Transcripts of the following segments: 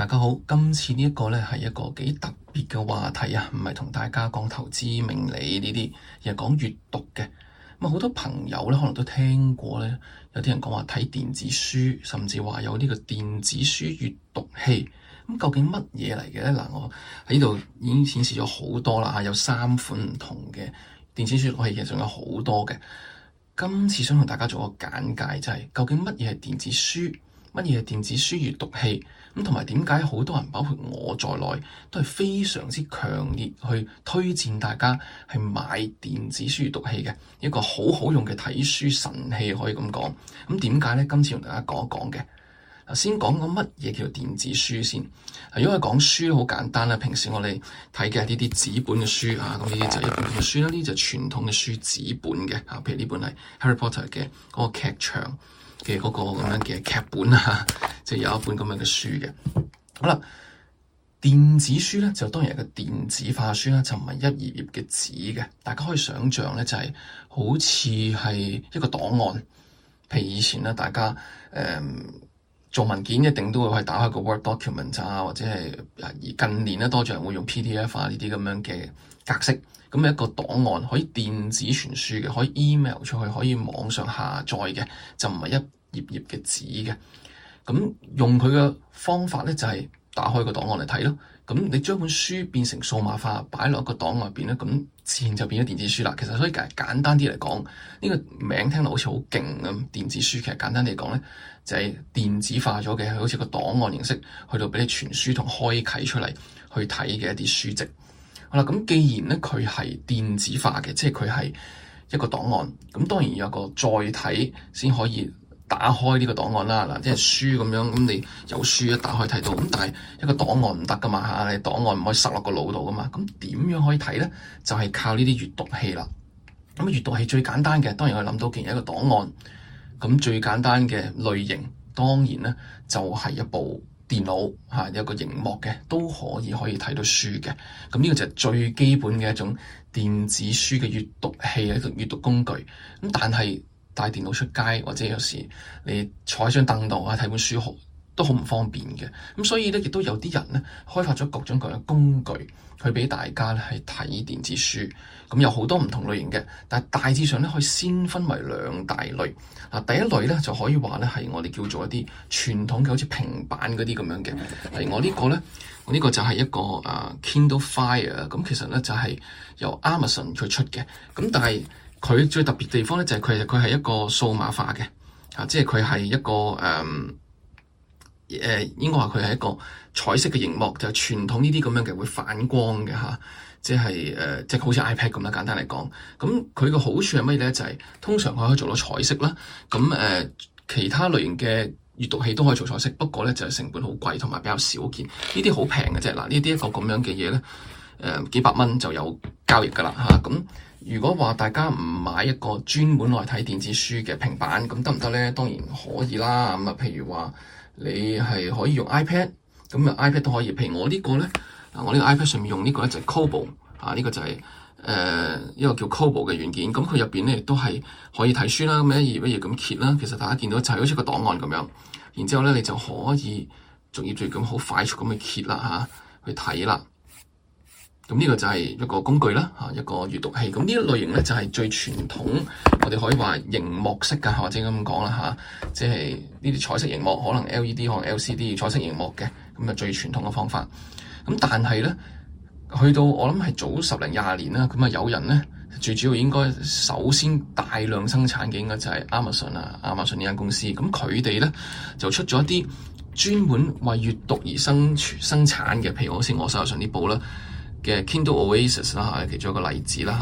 大家好，今次呢一個呢係一個幾特別嘅話題啊，唔係同大家講投資命理呢啲，而係講閱讀嘅。咁好多朋友呢，可能都聽過呢，有啲人講話睇電子書，甚至話有呢個電子書閱讀器。咁究竟乜嘢嚟嘅呢？嗱，我喺呢度已經展示咗好多啦，有三款唔同嘅電子書閱讀器，其實仲有好多嘅。今次想同大家做個簡介，就係、是、究竟乜嘢係電子書？乜嘢電子書閱讀器咁，同埋點解好多人，包括我在內，都係非常之強烈去推薦大家去買電子書閱讀器，嘅一個好好用嘅睇書神器，可以咁講。咁點解咧？今次同大家講一講嘅。嗱，先講講乜嘢叫做電子書先。因為講書好簡單啦，平時我哋睇嘅係呢啲紙本嘅書啊，咁呢啲就係一本本書啦，呢啲就係傳統嘅書，紙本嘅啊，譬如呢本係 Harry Potter 嘅嗰個劇場。嘅嗰個咁樣嘅劇本啊，即 有一本咁樣嘅書嘅。好啦，電子書呢，就當然係個電子化書啦，就唔係一頁頁嘅紙嘅。大家可以想象咧，就係、是、好似係一個檔案。譬如以前呢，大家、嗯、做文件一定都會去打開個 Word Document 啊，或者係而近年呢，多咗人會用 PDF 啊呢啲咁樣嘅格式。咁一個檔案可以電子傳輸嘅，可以 email 出去，可以網上下載嘅，就唔係一頁頁嘅紙嘅。咁用佢嘅方法呢，就係打開個檔案嚟睇咯。咁你將本書變成數碼化，擺落一個檔案入面，咁自然就變咗電子書啦。其實所以簡簡單啲嚟講，呢個名聽落好似好勁咁，電子書其實簡單嚟講咧，就係電子化咗嘅，好似個檔案形式去到俾你傳輸同開啟出嚟去睇嘅一啲書籍。好啦，咁、嗯、既然呢，佢係電子化嘅，即係佢係一個檔案，咁當然要有個載體先可以打開呢個檔案啦。嗱，即係書咁樣，咁、嗯、你有書一打開睇到，咁但係一個檔案唔得㗎嘛，嚇，你檔案唔可以塞落個腦度㗎嘛。咁點樣可以睇呢？就係、是、靠呢啲閱讀器啦。咁、嗯、閱讀器最簡單嘅，當然我諗到嘅係一個檔案。咁、嗯、最簡單嘅類型，當然呢，就係、是、一部。電腦嚇、啊、有個熒幕嘅都可以可以睇到書嘅。咁、嗯、呢、呢個就係最基本嘅一種電子書嘅閱讀器啊，一個閱讀工具。咁、嗯、但係帶電腦出街或者有時你坐喺張凳度啊睇本書好。都好唔方便嘅，咁所以咧亦都有啲人咧開發咗各種各樣工具，去俾大家咧係睇電子書咁、嗯，有好多唔同類型嘅。但係大致上咧可以先分為兩大類嗱、啊。第一類咧就可以話咧係我哋叫做一啲傳統嘅，好似平板嗰啲咁樣嘅。係我呢個咧，我呢個就係一個啊 Kindle Fire 咁、啊，其實咧就係、是、由 Amazon 佢出嘅。咁、啊、但係佢最特別地方咧就係、是、佢，佢係一個數碼化嘅啊，即係佢係一個誒。嗯誒，應該話佢係一個彩色嘅熒幕，就傳、是、統呢啲咁樣嘅會反光嘅嚇、啊，即係誒、呃，即係好似 iPad 咁啦。簡單嚟講，咁佢嘅好處係乜嘢咧？就係、是、通常佢可以做到彩色啦。咁、嗯、誒、呃，其他類型嘅閱讀器都可以做彩色，不過咧就係、是、成本好貴，同埋比較少見。呢啲好平嘅啫，嗱，呢啲一個咁樣嘅嘢咧，誒、呃、幾百蚊就有交易噶啦嚇。咁、啊嗯、如果話大家唔買一個專門來睇電子書嘅平板，咁得唔得咧？當然可以啦。咁啊，譬如話。你係可以用 iPad，咁啊 iPad 都可以。譬如我呢個咧，我呢個 iPad 上面用呢個咧就係 Kobo，啊呢個就係誒一個叫 Kobo 嘅軟件。咁佢入邊咧亦都係可以睇書啦，咁一頁一頁咁揭啦。其實大家見到就係好似個檔案咁樣。然之後咧，你就可以逐頁逐頁咁好快速咁、啊、去揭啦，嚇去睇啦。咁呢個就係一個工具啦，嚇一個閲讀器。咁呢一類型咧就係最傳統，我哋可以話熒幕式噶，或者咁講啦，嚇即係呢啲彩色熒幕，可能 LED，可能 LCD 彩色熒幕嘅咁啊，最傳統嘅方法。咁但係咧，去到我諗係早十零廿年啦，咁啊有人咧，最主要應該首先大量生產嘅應該就係 Am Amazon 啦，Amazon 呢間公司，咁佢哋咧就出咗一啲專門為閲讀而生生產嘅，譬如好似我手上呢部啦。嘅 Kindle Oasis 啦嚇，asis，其中一個例子啦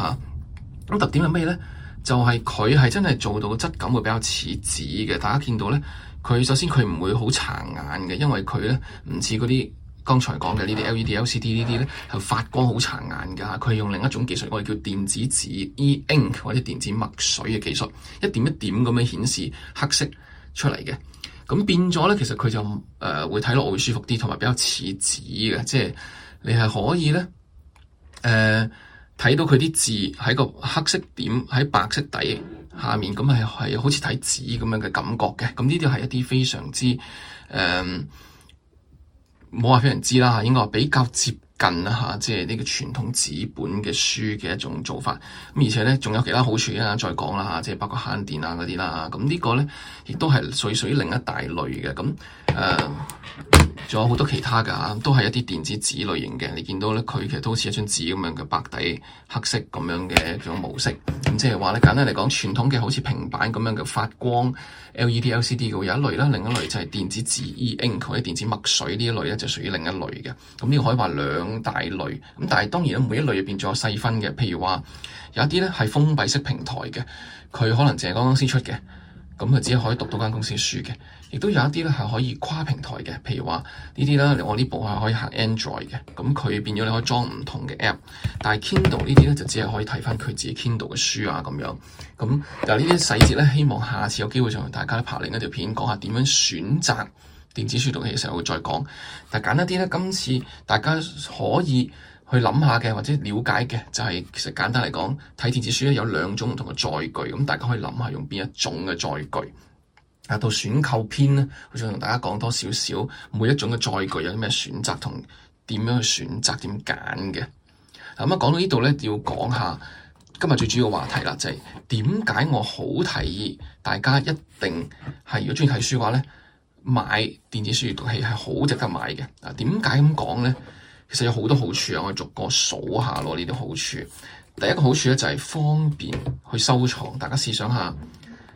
吓，咁、啊、特點係咩咧？就係佢係真係做到個質感會比較似紙嘅。大家見到咧，佢首先佢唔會好殘眼嘅，因為佢咧唔似嗰啲剛才講嘅呢啲 LED、LCD 呢啲咧係發光好殘眼嘅嚇。佢係用另一種技術，我哋叫電子紙 （e ink） 或者電子墨水嘅技術，一點一點咁樣顯示黑色出嚟嘅。咁變咗咧，其實佢就誒、呃、會睇落會舒服啲，同埋比較似紙嘅，即係你係可以咧。誒，睇、呃、到佢啲字喺個黑色點喺白色底下面，咁係係好似睇紙咁樣嘅感覺嘅。咁呢啲係一啲非常之誒，冇、呃、話非常之啦吓，應該話比較接近啦吓、啊，即係呢個傳統紙本嘅書嘅一種做法。咁、啊、而且咧，仲有其他好處講啊，再講啦吓，即係包括慳電啊嗰啲啦。咁、啊啊這個、呢個咧，亦都係屬於屬於另一大類嘅。咁、啊、誒。仲有好多其他噶都係一啲電子紙類型嘅。你見到咧，佢其實都好似一張紙咁樣嘅白底黑色咁樣嘅一種模式。咁即係話咧，簡單嚟講，傳統嘅好似平板咁樣嘅發光 LED LCD 嘅有一類啦，另一類就係電子紙 E Ink 或者電子墨水呢一類咧，就屬於另一類嘅。咁呢個可以話兩大類。咁但係當然咧，每一類入面仲有細分嘅。譬如話有一啲咧係封閉式平台嘅，佢可能淨係剛剛先出嘅，咁佢只可以讀到間公司書嘅。亦都有一啲咧係可以跨平台嘅，譬如話呢啲啦，我呢部係可以行 Android 嘅，咁佢變咗你可以裝唔同嘅 App 但、啊。但係 Kindle 呢啲咧就只係可以睇翻佢自己 Kindle 嘅書啊，咁樣。咁由呢啲細節咧，希望下次有機會再同大家咧拍另一條片，講下點樣選擇電子書讀器嘅時候會再講。但係簡單啲咧，今次大家可以去諗下嘅或者了解嘅就係、是、其實簡單嚟講睇電子書咧有兩種唔同嘅載具，咁大家可以諗下用邊一種嘅載具。到選購篇咧，我想同大家講多少少每一種嘅載具有啲咩選擇，同點樣去選擇，點揀嘅。咁啊，講到呢度咧，要講下今日最主要話題啦，就係點解我好提議大家一定係如果鍾意睇書嘅話呢，買電子書閱讀器係好值得買嘅。啊，點解咁講呢？其實有好多好處啊，我逐個數下咯，呢啲好處。第一個好處呢，就係方便去收藏，大家試想下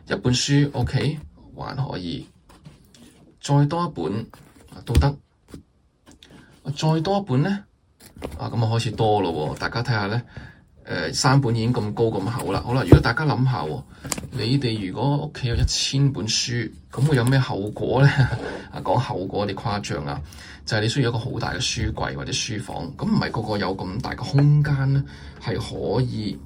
一本書，OK？還可以，再多一本都得，再多一本呢，啊咁啊開始多咯喎！大家睇下咧，誒、呃、三本已經咁高咁厚啦，好啦！如果大家諗下喎，你哋如果屋企有一千本書，咁會有咩後果咧？啊 講後果，有啲誇張啊！就係、是、你需要一個好大嘅書櫃或者書房，咁唔係個個有咁大嘅空間咧，係可以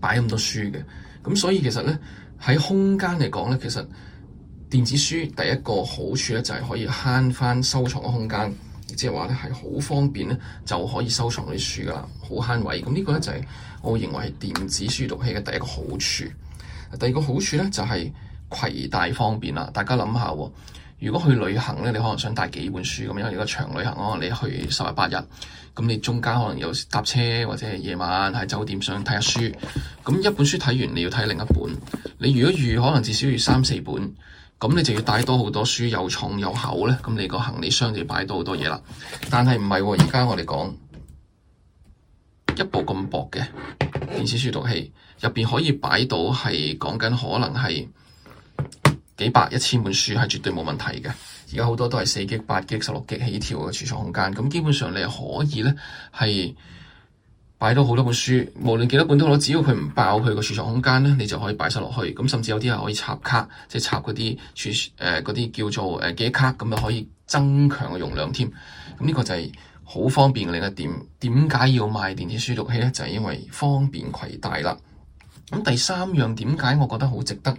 擺咁多書嘅。咁所以其實咧，喺空間嚟講咧，其實～電子書第一個好處咧，就係可以慳翻收藏嘅空間，即係話咧係好方便咧就可以收藏啲書噶啦，好慳位。咁、這、呢個咧就係我認為係電子書讀器嘅第一個好處。第二個好處咧就係攜帶方便啦。大家諗下喎，如果去旅行咧，你可能想帶幾本書咁樣，因為如果長旅行，可能你去十日八日，咁你中間可能有搭車或者係夜晚喺酒店想睇下書，咁一本書睇完你要睇另一本，你如果預可能至少預三四本。咁你就要帶多好多書，又重又厚呢。咁你個行李箱就要擺多好多嘢啦。但係唔係喎，而家我哋講一部咁薄嘅電子書閱讀器，入面可以擺到係講緊可能係幾百、一千本書係絕對冇問題嘅。而家好多都係四 G、八 G、十六 G 起跳嘅儲藏空間，咁基本上你係可以呢係。是擺到好多本書，無論幾多本都好，只要佢唔爆，佢個儲藏空間咧，你就可以擺晒落去。咁甚至有啲係可以插卡，即係插嗰啲儲誒啲、呃、叫做誒、呃、記憶卡，咁就可以增強容量添。咁呢個就係好方便嘅另一點。點解要買電子書讀器咧？就係、是、因為方便攜帶啦。咁第三樣點解我覺得好值得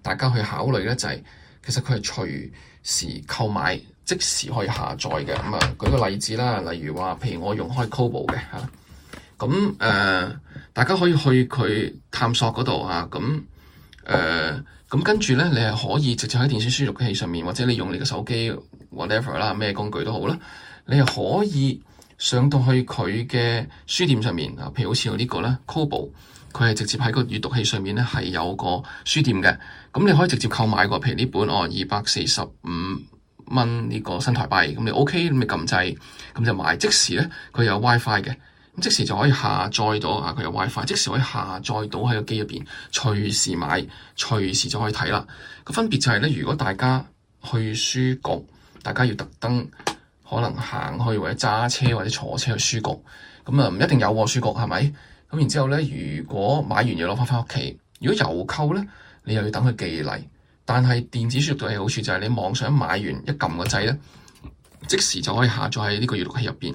大家去考慮咧、就是、就係其實佢係隨時購買，即時可以下載嘅。咁啊，舉個例子啦，例如話，譬如我用開 Kobo 嘅嚇。咁誒、嗯，大家可以去佢探索嗰度啊。咁、嗯、誒，咁跟住咧，你係可以直接喺電子書讀器上面，或者你用你嘅手機，whatever 啦，咩工具都好啦，你係可以上到去佢嘅書店上面啊。譬如好似我呢個咧 Kobo，佢係直接喺個閱讀器上面咧係有個書店嘅。咁你可以直接購買㗎，譬如呢本哦二百四十五蚊呢個新台幣，咁你 O K，咁你撳掣，咁就買。即時咧，佢有 WiFi 嘅。即時就可以下載到啊！佢有 WiFi，即時可以下載到喺個機入邊，隨時買，隨時就可以睇啦。個分別就係咧，如果大家去書局，大家要特登可能行去或者揸車或者坐車去書局，咁啊唔一定有喎書局，係咪？咁然之後咧，如果買完要攞翻翻屋企，如果郵購呢，你又要等佢寄嚟。但係電子書嘅好處就係，你網上一買完一撳個掣呢，即時就可以下載喺呢個閱讀器入邊。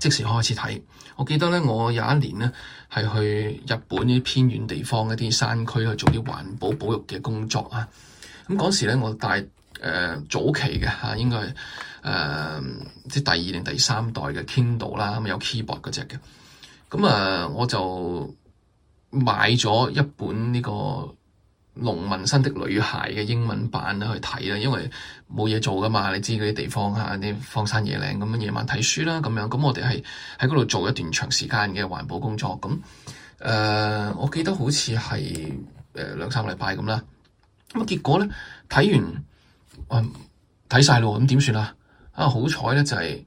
即時開始睇，我記得咧，我有一年咧係去日本啲偏遠地方一啲山區去做啲環保保育嘅工作啊。咁嗰時咧，我帶誒、呃、早期嘅嚇，應該係誒、呃、即第二定第三代嘅 Kindle 啦、啊，咁有 keyboard 嗰隻嘅。咁啊，我就買咗一本呢、這個。農民生的女孩嘅英文版去睇，因為冇嘢做㗎嘛，你知嗰啲地方嚇啲荒山野嶺咁樣，夜晚睇書啦咁樣。咁我哋係喺嗰度做一段長時間嘅環保工作。咁、呃、我記得好似係誒兩三個禮拜咁啦。咁結果呢，睇完誒，睇曬咯，咁點算啊？啊好彩呢，就係、係、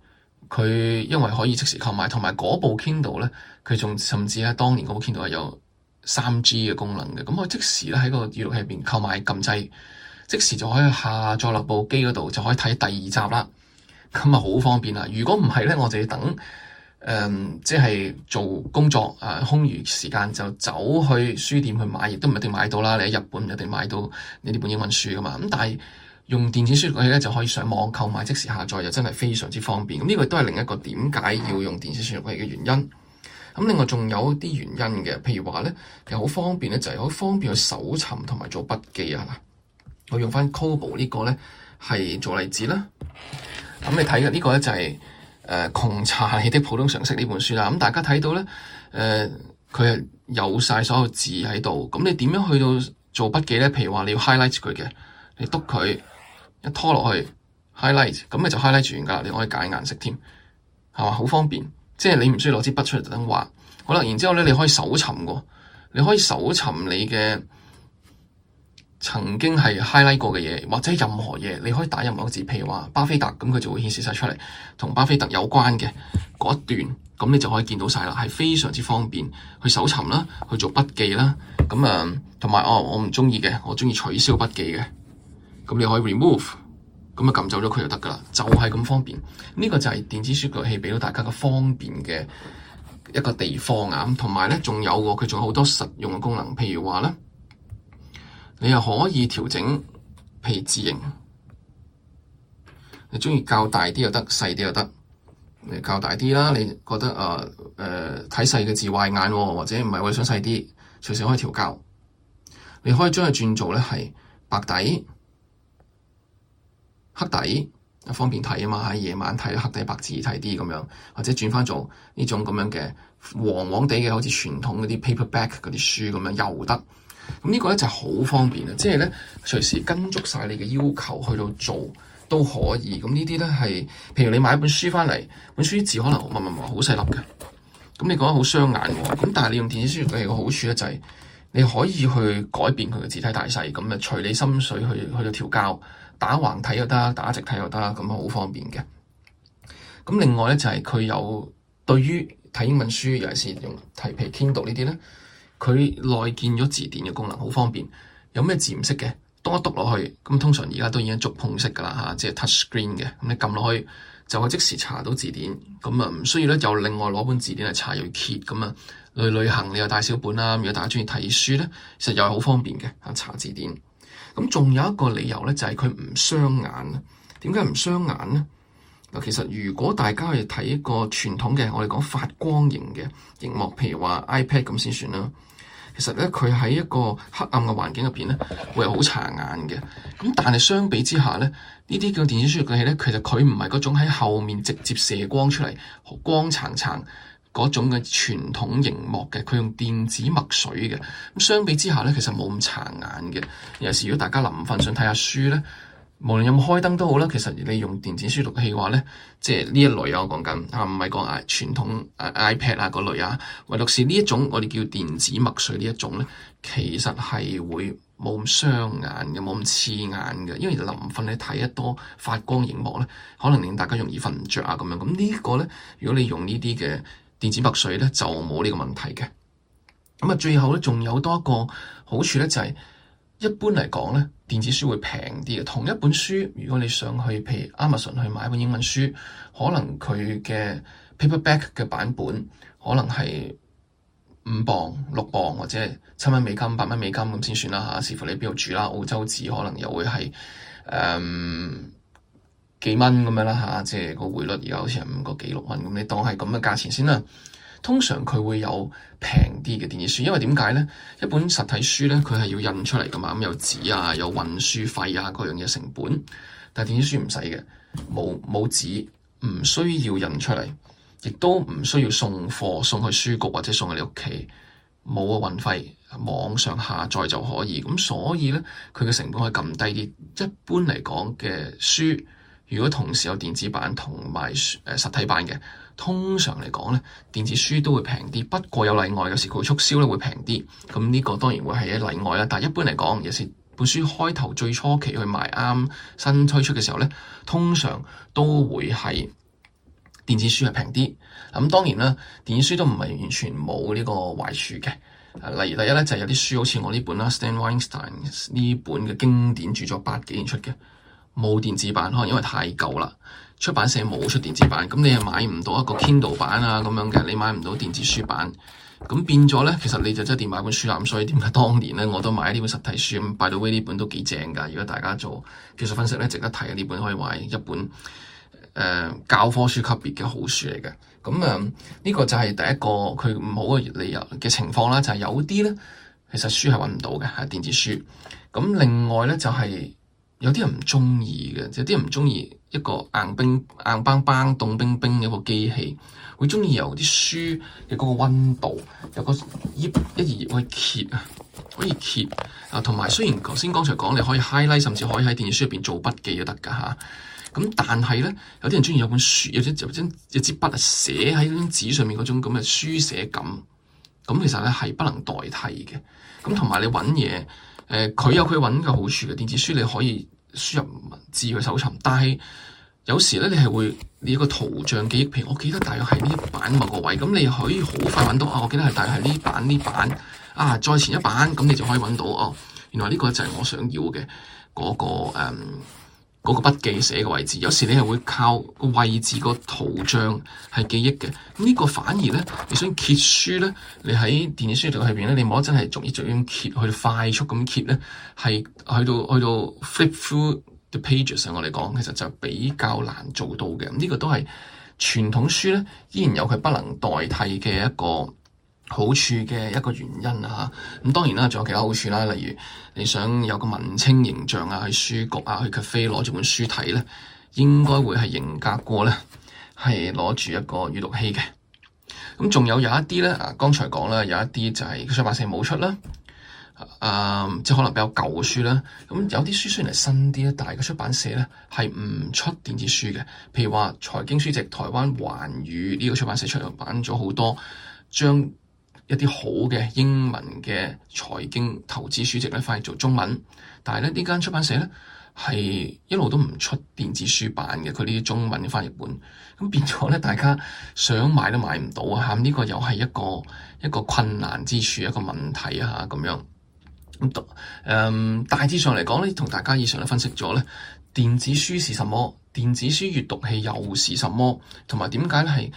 佢因為可以即時購買，同埋嗰部 Kindle 呢，佢仲甚至喺、啊、當年嗰部 Kindle 係有。三 G 嘅功能嘅，咁我即時咧喺個閱讀器入邊購買撳掣，即時就可以下載落部機嗰度，就可以睇第二集啦。咁啊好方便啦。如果唔係咧，我就要等，誒即係做工作啊、呃、空餘時間就走去書店去買，亦都唔一定買到啦。你喺日本唔一定買到你呢本英文書噶嘛。咁但係用電子書閱讀器咧就可以上網購買，即時下載又真係非常之方便。咁呢個都係另一個點解要用電子書閱讀器嘅原因。咁另外仲有啲原因嘅，譬如話咧，其實好方便就係、是、好方便去搜尋同埋做筆記啊！我用翻 Kobo 呢個呢係做例子啦。咁、嗯、你睇嘅呢個呢、就是，就係誒窮查理的普通常識呢本書啦。咁、嗯、大家睇到呢，誒佢係有曬所有字喺度。咁你點樣去到做筆記呢？譬如話你要 highlight 佢嘅，你督佢一拖落去 highlight，咁你就 highlight 完㗎。你可以改顏色添，係嘛？好方便。即係你唔需要攞支筆出嚟特登畫，好啦。然之後咧，你可以搜尋喎，你可以搜尋你嘅曾經係 highlight 過嘅嘢，或者任何嘢，你可以打任何字，譬如話巴菲特，咁佢就會顯示晒出嚟，同巴菲特有關嘅嗰一段，咁你就可以見到晒啦，係非常之方便去搜尋啦，去做筆記啦，咁啊，同埋哦，我唔中意嘅，我中意取消筆記嘅，咁你可以 remove。咁啊，撳走咗佢就得㗎喇，就係、是、咁方便。呢、這個就係電子書閱讀器俾到大家個方便嘅一個地方同、啊、埋呢，仲有喎，佢仲有好多實用嘅功能，譬如話咧，你又可以調整譬如字型，你鍾意較大啲又得，細啲又得。你較大啲啦，你覺得啊誒睇細嘅字壞眼、哦，或者唔係我想細啲，隨時可以調校。你可以將佢轉做咧係白底。黑底，方便睇啊嘛，喺夜晚睇黑底白字睇啲咁樣，或者轉翻做呢種咁樣嘅黃黃地嘅，好似傳統嗰啲 paperback 嗰啲書咁樣又得。咁呢個咧就係好方便啊，即係咧隨時跟足曬你嘅要求去到做都可以。咁呢啲咧係，譬如你買一本書翻嚟，本書字可能唔唔唔好細粒嘅，咁你覺得好傷眼。咁但係你用電子書嚟嘅好處咧就係，你可以去改變佢嘅字體大細，咁啊隨你心水去去到調校。打橫睇又得，打直睇又得，咁啊好方便嘅。咁另外咧就係、是、佢有對於睇英文書，尤其是用提皮 Kindle 呢啲咧，佢內建咗字典嘅功能，好方便。有咩字唔識嘅，篤一篤落去，咁通常而家都已經觸碰式噶啦嚇，即係 touch screen 嘅。咁你撳落去就可即時查到字典，咁啊唔需要咧又另外攞本字典嚟查，又要 keep 咁啊。去旅行你又帶小本啦、啊，如果大家鍾意睇書咧，其實又係好方便嘅嚇查字典。咁仲有一個理由咧，就係佢唔傷眼。點解唔傷眼咧？嗱，其實如果大家係睇一個傳統嘅，我哋講發光型嘅熒幕，譬如話 iPad 咁先算啦。其實咧，佢喺一個黑暗嘅環境入邊咧，會係好殘眼嘅。咁但係相比之下咧，呢啲叫電子書閱讀器咧，其實佢唔係嗰種喺後面直接射光出嚟，光燦燦。嗰種嘅傳統熒幕嘅，佢用電子墨水嘅，咁相比之下咧，其實冇咁殘眼嘅。有時如果大家臨瞓想睇下書咧，無論有冇開燈都好啦，其實你用電子書閱讀器嘅話咧，即係呢一類啊，我講緊嚇，唔係講傳統 iPad 啊嗰、啊、類啊，唯獨是呢一種我哋叫電子墨水呢一種咧，其實係會冇咁傷眼嘅，冇咁刺眼嘅，因為臨瞓你睇得多發光熒幕咧，可能令大家容易瞓唔着啊咁樣。咁呢個咧，如果你用呢啲嘅。電子墨水呢就冇呢個問題嘅，咁啊最後呢，仲有多一個好處呢，就係、是、一般嚟講呢，電子書會平啲嘅，同一本書如果你想去，譬如 Amazon 去買一本英文書，可能佢嘅 paperback 嘅版本可能係五磅六磅或者七蚊美金八蚊美金咁先算啦嚇，視乎你邊度住啦，澳洲紙可能又會係誒。Um, 幾蚊咁樣啦吓，即係個匯率而家好似係五個幾六蚊咁，你當係咁嘅價錢先啦。通常佢會有平啲嘅電子書，因為點解咧？一本實體書咧，佢係要印出嚟噶嘛，咁、嗯、有紙啊，有運輸費啊，各樣嘅成本。但係電子書唔使嘅，冇冇紙，唔需要印出嚟，亦都唔需要送貨送去書局或者送去你屋企，冇個運費，網上下載就可以。咁所以咧，佢嘅成本係咁低啲。一般嚟講嘅書。如果同時有電子版同埋誒實體版嘅，通常嚟講咧，電子書都會平啲。不過有例外，有時佢會促銷咧，會平啲。咁呢個當然會係一例外啦。但係一般嚟講，有時本書開頭最初期去賣啱新推出嘅時候咧，通常都會係電子書係平啲。咁當然啦，電子書都唔係完全冇呢個壞處嘅。例如第一咧，就係有啲書好似我呢本啦，Stan Weinstein 呢本嘅經典著作，八幾年出嘅。冇電子版可能因為太舊啦，出版社冇出電子版，咁你又買唔到一個 Kindle 版啊咁樣嘅，你買唔到電子書版，咁變咗咧，其實你就真係要買本書啦。咁所以點解當年咧我都買呢本實體書，《By the Way》呢本都幾正㗎。如果大家做技術分析咧，值得睇，呢本可以話係一本誒、呃、教科書級別嘅好書嚟嘅。咁啊，呢、嗯呢個就係第一個佢唔好嘅理由嘅情況啦。就係、是、有啲咧，其實書係揾唔到嘅係電子書。咁另外咧就係、是。有啲人唔鍾意嘅，有啲人唔鍾意一個硬冰硬梆梆、凍冰冰嘅一個機器，會鍾意有啲書嘅嗰個温度，有一個頁一頁頁可以揭啊，可以揭啊。同埋雖然頭先剛才講，你可以 highlight，甚至可以喺電子書入邊做筆記都得㗎嚇。咁、啊、但係咧，有啲人鍾意有本書，有隻有隻有支筆啊，寫喺張紙上面嗰種咁嘅書寫感，咁、啊、其實咧係不能代替嘅。咁同埋你揾嘢，誒、啊、佢有佢揾嘅好處嘅電子書你可以，輸入文字去搜尋，但係有時咧，你係會你一個圖像記憶。譬如我記得，大概係呢版某個位，咁你可以好快揾到啊！我記得係大概係呢版呢版啊，再前一版咁，你就可以揾到哦。原來呢個就係我想要嘅嗰個，誒嗰個筆記寫嘅位置，有時你係會靠個位置個圖像係記憶嘅。呢個反而咧，你想揭書咧，你喺電子書度入邊咧，你冇得真係逐頁逐頁揭，去到快速咁揭咧，係去到去到 flip through the pages 上，我嚟講其實就比較難做到嘅。呢個都係傳統書咧，依然有佢不能代替嘅一個好處嘅一個原因啊！咁當然啦，仲有其他好處啦、啊。例如你想有個文青形象啊，去書局啊，去 cafe 攞住本書睇咧，應該會係型格過咧，係攞住一個閲讀器嘅。咁仲有有一啲咧啊，剛才講啦，有一啲就係出版社冇出啦，啊，即係可能比較舊嘅書啦。咁有啲書雖然係新啲咧，但係個出版社咧係唔出電子書嘅。譬如話財經書籍，台灣環宇呢個出版社出版咗好多將。一啲好嘅英文嘅財經投資書籍咧，翻譯做中文，但係咧呢間出版社咧係一路都唔出電子書版嘅，佢呢啲中文嘅翻譯本，咁變咗咧大家想買都買唔到啊！嚇，呢個又係一個一個困難之處，一個問題啊，嚇，咁樣咁讀誒大致上嚟講咧，同大家以上都分析咗咧，電子書是什麼，電子書閱讀器又是什麼，同埋點解咧係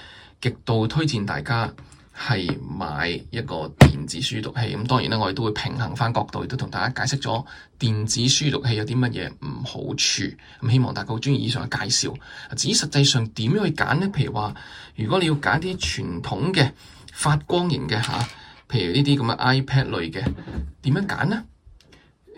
極度推薦大家。係買一個電子書讀器咁，當然啦，我哋都會平衡翻角度，亦都同大家解釋咗電子書讀器有啲乜嘢唔好處。咁希望大家好鍾意以上嘅介紹。至於實際上點樣去揀呢？譬如話，如果你要揀啲傳統嘅發光型嘅嚇，譬如呢啲咁嘅 iPad 類嘅，點樣揀呢？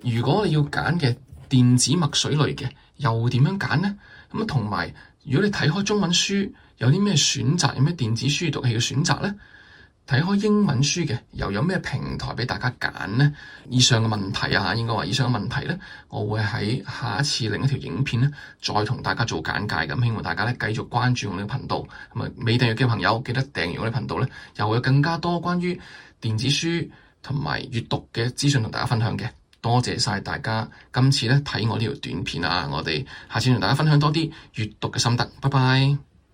如果你要揀嘅電子墨水類嘅，又點樣揀呢？咁啊，同埋如果你睇開中文書，有啲咩選擇？有咩電子書讀器嘅選擇呢？睇開英文書嘅又有咩平台俾大家揀呢？以上嘅問題啊，應該話以上嘅問題呢，我會喺下一次另一條影片呢，再同大家做簡介。咁希望大家呢繼續關注我哋頻道。咁啊，未訂閱嘅朋友記得訂閱我哋頻道呢，又會有更加多關於電子書同埋閱讀嘅資訊同大家分享嘅。多謝曬大家今次呢，睇我呢條短片啊！我哋下次同大家分享多啲閱讀嘅心得。拜拜。